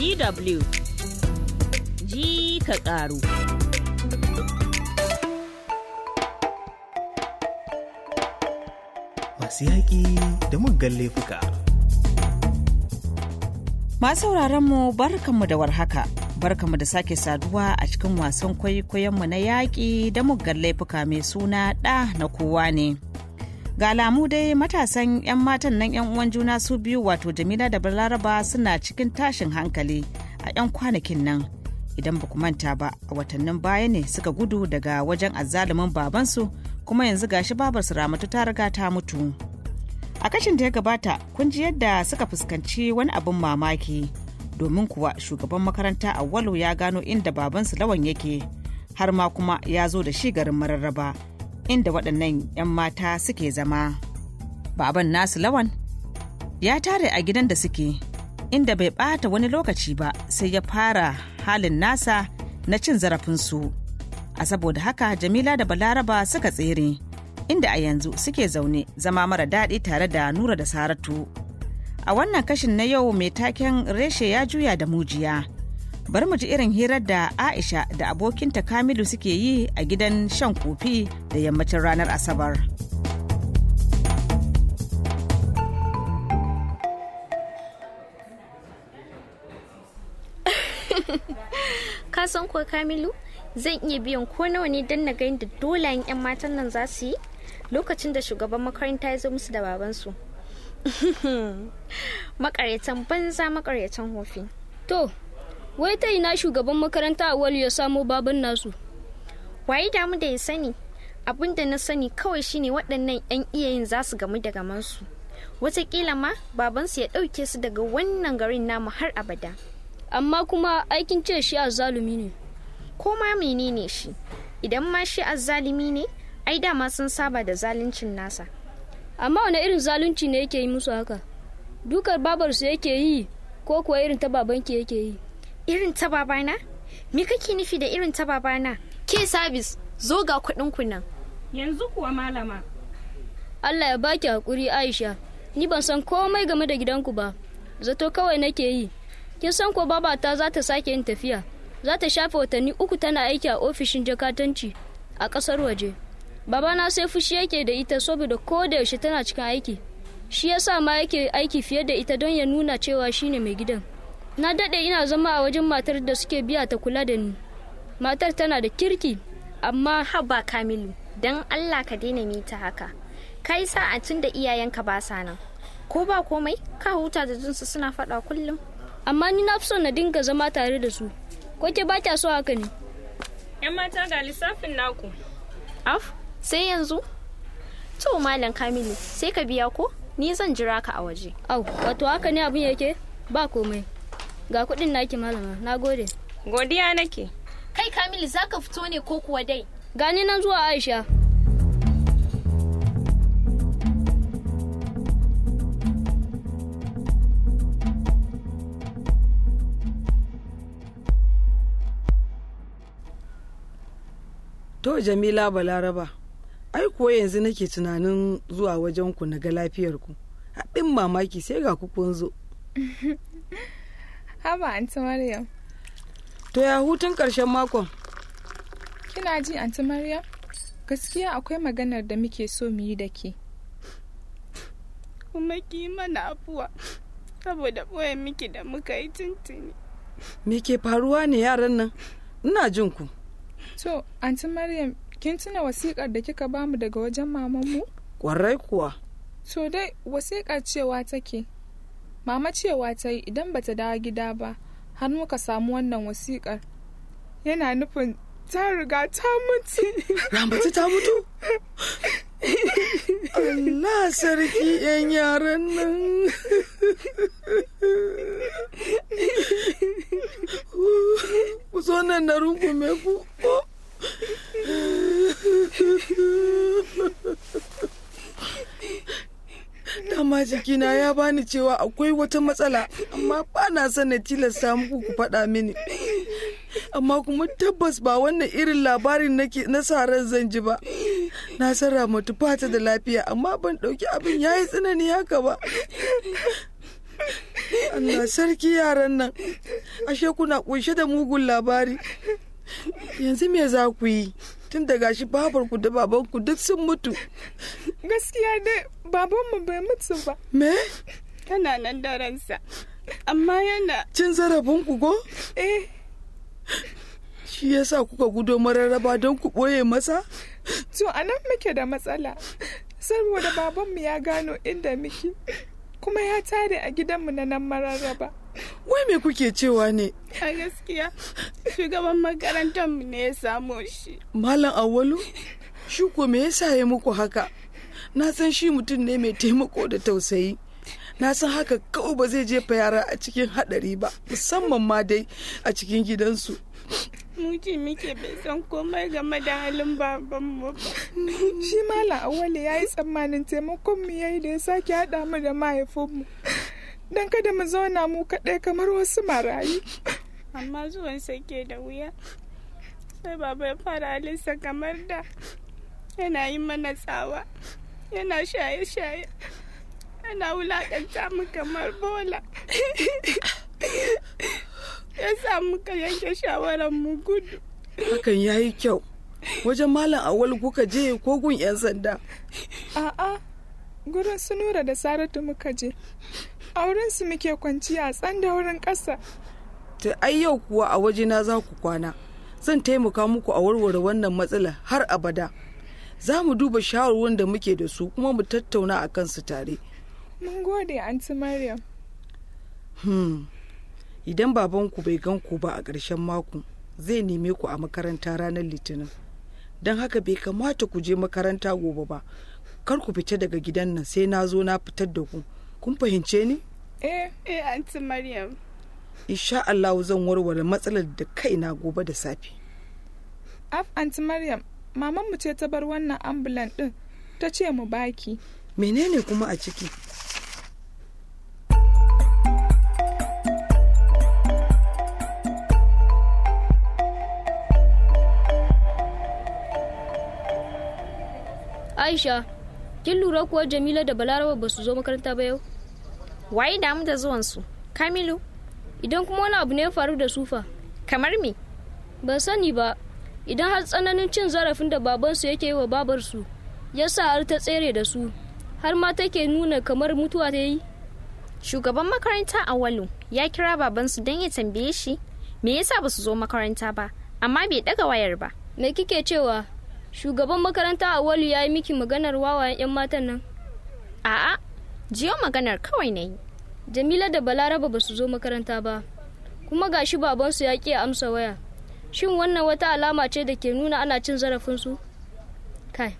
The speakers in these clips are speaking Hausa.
DW ji ka ƙaru. Masu yaƙi da muggan laifuka. Masu mu barkanmu da warhaka. Barkanmu da sake saduwa a cikin wasan kwaikwayonmu na yaƙi da muggan laifuka mai suna ɗa na kowa ne. ga alamu dai matasan 'yan matan nan 'yan uwan juna su biyu wato jamila da balaraba suna cikin tashin hankali a 'yan kwanakin nan idan ba ku manta ba a watannin baya ne suka gudu daga wajen azzalumin babansu kuma yanzu gashi babarsu ramatu ta riga ta mutu a kashin da ya gabata kun ji yadda suka fuskanci wani abin mamaki domin kuwa shugaban makaranta a walo ya gano inda babansu lawan yake har ma kuma ya zo da shi garin mararraba inda waɗannan 'yan mata suke zama. Baban nasu lawan ya tare a gidan da suke inda bai ɓata wani lokaci ba sai ya fara halin nasa na cin zarafinsu. A saboda haka Jamila da Balaraba suka tsere inda a yanzu suke zaune zama mara daɗi tare da Nura da Saratu. A wannan kashin na yau mai taken reshe ya juya da mujiya. bari mu ji irin hirar da aisha da abokinta kamilu suke yi a gidan shan kofi da yammacin ranar asabar ka san kuwa kamilu zan iya biyan ko nawa ne don na ga da dolayen 'yan matan nan za su yi lokacin da shugaban makaranta ya zo musu da babansu makaryatan banza makaryatan hofi to wai ta ina shugaban makaranta a ya samo baban nasu waye damu da ya sani abin da na sani kawai shine waɗannan 'yan iyayen za su gamu da gamansu watakila ma babansu ya ɗauke su daga wannan garin namu har abada amma kuma aikin ce shi azalumi ne ko ma menene shi idan ma shi azalumi ne ai dama sun saba da zaluncin nasa amma wani irin zalunci ne yake yi musu haka dukar babarsu yake yi ko kuwa irin ta babanki yake yi Irin ta babana? Me kake nufi da irin ta babana? Ke sabis, zo ga kuɗin ku nan. Yanzu kuwa malama. Allah ya baki hakuri Aisha, ni ban san komai game da gidanku ba, zato kawai nake yi. Kin san ko babata za ta sake yin tafiya, za ta shafe watanni uku tana aiki a ofishin jakatanci a ƙasar waje. Babana sai fushi yake da ita saboda ko da yaushe tana cikin aiki. Shi yasa ma yake aiki fiye da ita don ya nuna cewa shine mai gidan. na daɗe ina zama a wajen matar da suke biya ta kula da ni matar tana da kirki amma haba kamilu don allah ka daina mita haka ka yi tun da iyayenka ba sa nan ko ba komai ka huta da jinsu suna faɗa kullum amma ni na fi son na dinga zama tare da su ko ke ba kya so haka ne yan mata ga lissafin naku af sai yanzu to malam kamilu sai ka biya ko ni zan jira ka a waje au wato haka ne abin yake ba komai Ga kudin naki malama, na gode. Godiya nake. Kai Kamilu za ka fito ne ko kuwa dai? Gani nan zuwa Aisha. To Jamila Balaraba, ai kuwa yanzu nake tunanin zuwa wajenku na ga lafiyarku. Haɗin mamaki sai ga ku zo. Haba Anti Maryam. To ya hutun ƙarshen makon? Kina ji Anti Maryam? Gaskiya akwai maganar da muke so mu yi da ke. Kuma ki mana afuwa saboda ɓoye miki da muka yi tuntuni. Me ke faruwa ne yaran nan? Ina jin ku. To, Anti Maryam, kin tuna wasiƙar da kika bamu daga wajen mamanmu? Kwarai kuwa. To dai wasiƙar cewa take. mama cewa ta yi idan bata dawo gida ba har muka samu wannan wasikar yana nufin ta riga ta mutu rambatu ta mutu Allah sarki yan yaran nan ku zo nan na rungume ku ma jikina ya bani cewa akwai wata matsala amma ba na son tilasta muku ku faɗa mini amma kuma tabbas ba wannan irin labarin nake na ran zan ji ba na san mutu fata da lafiya amma ban ɗauki abin ya yi tsanani haka ba Allah sarki yaran nan ashe kuna kunshe da mugun labari yanzu me za ku yi tun da gashi babarku da babanku duk sun mutu gaskiya dai babanmu bai mutu ba me tana nan da ransa amma yana cin zarafinku go eh shi yasa kuka gudo mararraba don ku ɓoye masa to anan muke da matsala saboda babanmu ya gano inda muke kuma ya tare a gidanmu na nan mararraba wai me kuke cewa ne a gaskiya shugaban makarantar mu ne ya samu shi malam awwalu shi ko me yasa ya muku haka na san shi mutum ne mai taimako da tausayi na san haka kawai ba zai jefa yara a cikin haɗari ba musamman ma dai a cikin gidansu muji muke bai san komai game da halin babanmu shi mala awale ya yi tsammanin taimakon mu yayi da ya sake haɗa mu da mahaifinmu Dan kada mu zauna mu kaɗai kamar wasu marayu amma zuwan sake da wuya sai baba ya fara halinsa kamar da yana yi mana tsawa yana shaye-shaye yana wulaƙanta mu kamar bola ya sa muka yanke shawarar mu gudu hakan ya yi kyau wajen malam awal kuka je kogun 'yan sanda a'a gurin su nura da saratu muka je wurin su muke kwanciya a tsan da wurin ƙasa ta ai yau kuwa a wajena za ku kwana zan taimaka muku a warware wannan matsala har abada za mu duba shawarwarin da muke da su kuma mu tattauna a kansu tare mun gode Aunty maryam hmm. idan babanku bai gan ku ba a ƙarshen mako zai neme ku a makaranta ranar litinin don haka bai kamata ku je makaranta gobe ba kar ku fita daga gidan nan sai na zo na fitar da ku kun fahimce ni eh eh anti maryam insha Allah zan warware matsalar da kaina gobe da safe af anti maryam maman mu ce ta bar wannan ambulan din ta ce mu baki menene kuma a ciki Aisha, kin lura kuwa Jamila da Balaraba ba su zo makaranta ba yau? Waye damu da zuwansu? Kamilu? Idan kuma wani abu ne ya faru da sufa. Kamar me? Ban sani ba, idan har tsananin cin zarafin da babansu yake yi wa babarsu, ya sa har ta tsere da su, har ma take nuna kamar mutuwa ta yi. Shugaban makaranta Awalu ya kira babansu don ya tambaye shi me yasa ba su zo makaranta ba, amma bai ɗaga wayar ba. Me kike cewa? shugaban makaranta walu ya yi miki maganar wawayen 'yan matan nan a'a jiyo maganar kawai na yi jamila da balaraba ba su zo makaranta ba kuma ga shi babansu ya ki amsa waya shin wannan wata alama ce da ke nuna ana cin zarafinsu kai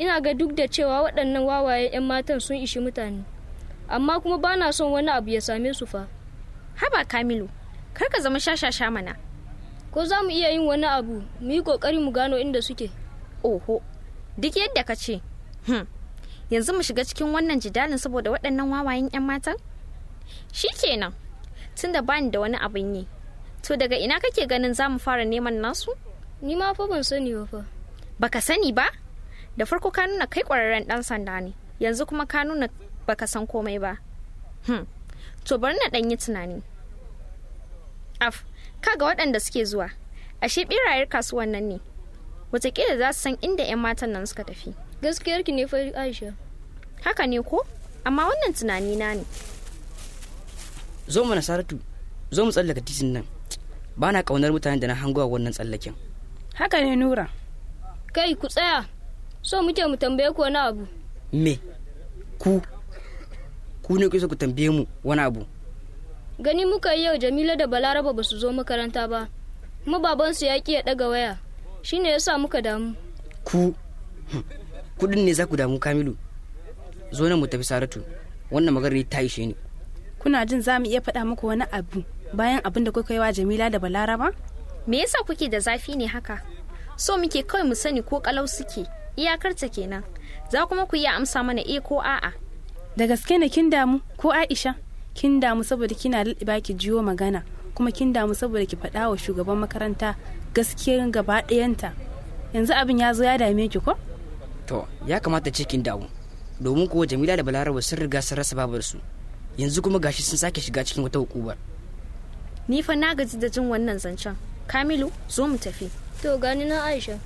ina ga duk da cewa waɗannan wawayen 'yan matan sun ishi mutane amma kuma ba na son wani abu ya same su fa haba kamilu kar ka zama shashasha mana ko za mu iya yin wani abu mu yi ƙoƙari mu gano inda suke oho duk yadda ka ce hmm, yanzu mu shiga cikin wannan jidalin saboda waɗannan wawayen 'yan matan shi kenan tun da bani da wani abin yi to daga ina kake ganin za mu fara neman nasu ni ma fa ban sani ba fa baka sani ba da farko ka nuna kai ƙwararren ɗan sanda ne yanzu kuma ka nuna baka san komai ba hmm. to bari na ɗan tunani af kaga waɗanda suke zuwa ashe ɓirayen kasuwan nan ne watakila za su san inda 'yan matan nan suka tafi gaskiyar ki ne fa aisha haka ne ko amma wannan tunani na ne zo mu nasaratu zo mu tsallaka titin nan ba na kaunar mutanen da na hango a wannan tsallaken haka ne nura kai ku tsaya so muke mu tambaye ku wani abu me ku ku ne kusa ku tambaye mu wani abu gani muka yi yau jamila da balaraba ba su zo makaranta ba mu babansu ya ki ya daga waya shine yasa muka damu ku kudin ne za ku damu kamilu zo nan mu tafi saratu wannan magana ta ishe ne. kuna jin za mu iya faɗa muku wani abu bayan abin da kuka yi wa jamila da balaraba me yasa kuke da zafi ne haka so muke kawai mu sani ko kalau suke iyakar ta kenan za kuma ku iya amsa mana e ko a'a da gaske ne kin damu ko aisha kin damu saboda kina lulluɓa ki jiwo magana kuma kin damu saboda ki faɗa wa shugaban makaranta gaskiyar gaba ɗayanta yanzu abin ya zo ya dame ki ko to ya kamata cikin dawo domin kuwa jamila da balaraba sun riga sun rasa babarsu yanzu kuma gashi sun sake shiga cikin wata hukumar. ni fa na gaji da jin wannan zancen kamilu zo mu tafi to gani na aisha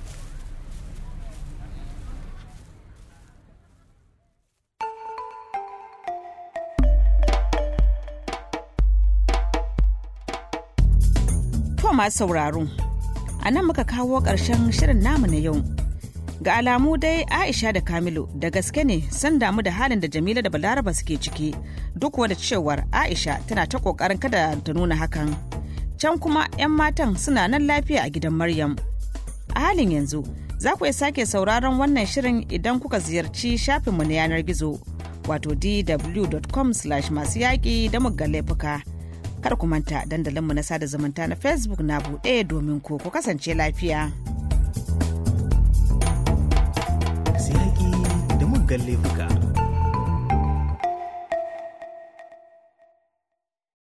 To ma sauraro a nan muka kawo ƙarshen shirin namu na yau ga alamu dai aisha da kamilu da gaske ne sun damu da halin da jamila da balaraba suke ciki duk wanda cewar aisha tana ta ƙoƙarin kada ta nuna hakan can kuma 'yan matan suna nan lafiya a gidan maryam a halin yanzu za ku iya sake sauraron wannan shirin idan kuka ziyarci shafinmu na yanar gizo wato dw.com masu yaƙi da muggan laifuka Kada ku manta dandalinmu na sada zumunta na Facebook na buɗe domin ku ku kasance lafiya. Sai da muggan laifuka.